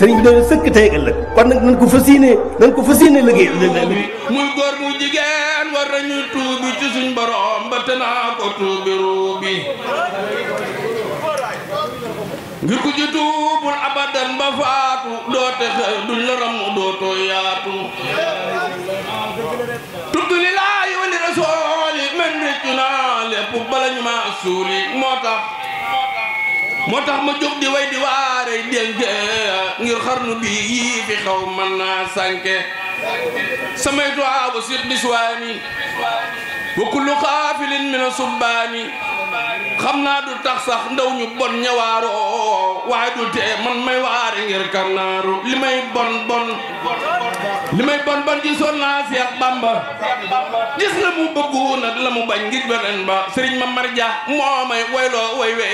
sëriñ bi dañu sëkk tey ëllëg kon nag nañ ko fas yéene nañ ko fas yéene muy góor mu jigéen war nañu tuubi ci suñ borom ba te ko tuubi ruubi ngir ku ci tuubul abadan ba faatu doote xëy duñ la ram dootoo yaatu tudd li laay wali rasooli man réccu naa lépp bala ñu maa suuli moo moo tax ma jóg di way di waare dénke ngir xarnu bi yii fi xaw naa sànke سميت عاوسر نسواني وكل قافل من سباني خمنا دو تخصخ ndaw ñu bon ñawaaro waaye du tee man may waare ngir kannaaru li may bon bon li bon bon gisoon naa Seex Bamba gis na mu bëggu nag la mu bañ ngir ba sëriñ ma marja moo may way we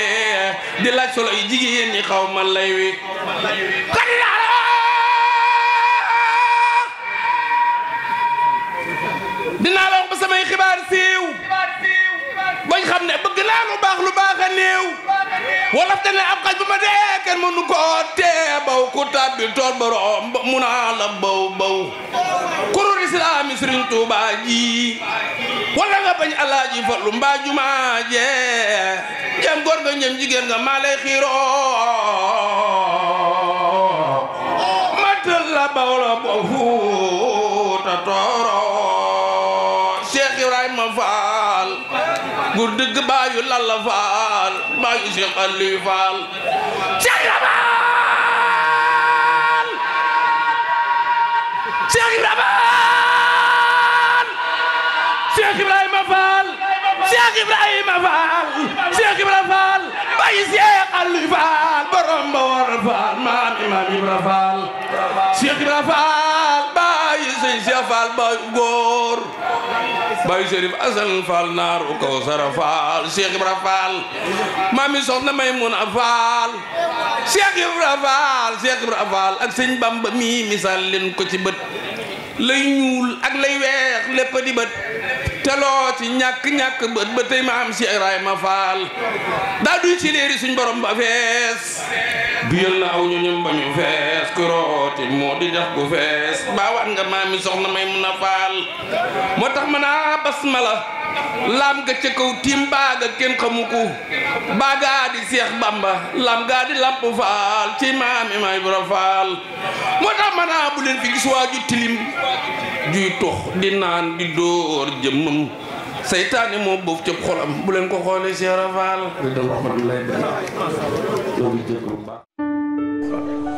di laaj solo yi jigéen ñi xaw ma lay wi samay xibaar siiw bañ xam ne bëgg naa baax lu baax a néew wolof dane ab ma dee kenn mënu ko tee baw ku tàbbi tool borom la baw baw kurul islaami sëriñ Tuuba nga bañ alaaji fallu mbaa jam góor nga ñëm jigéen nga maa lay xiiroo baw la baw fuuta tooroo faal gur dëgg baayu lalla faal baayu si xalli faal Cheikh Ibra Faal Cheikh Ibra Faal Cheikh Ibrahima Faal Cheikh Ibrahima Faal Cheikh Ibra Faal baayu si xalli faal borom ba war faal maam imaam Ibra Faal Cheikh Ibra Faal sëñ Cheikh Fall Baay góor Baay Serif Asan Fall naaru Kawsara Fall Cheikh Ibra Fall maami soxna Maymuna Fall Cheikh Ibra Fall Cheikh Ibra Fall ak sëñ Bamba mi misaal leen ko ci bët lay ñuul ak lay weex lépp di bët te loo ci ñàkk-ñàkk bët ba tey ma am si Ibrahima Fall daa duy si léeri suñ borom fees duyal na aw ñoñom ba fees moo di def gu fees baawaat nga maami soxna may mun a faal moo tax ma naa basmala laam ga ca kaw tiim baaga kenn xamu ko baaga di seex bamba laam gaa di lamp faal ci maami may bura faal moo tax ma naa bu fi gis waa tilim juy tox di naan di dóor jëmmam seytaane moo boof cëb xolam bu leen ko xoolee seera faal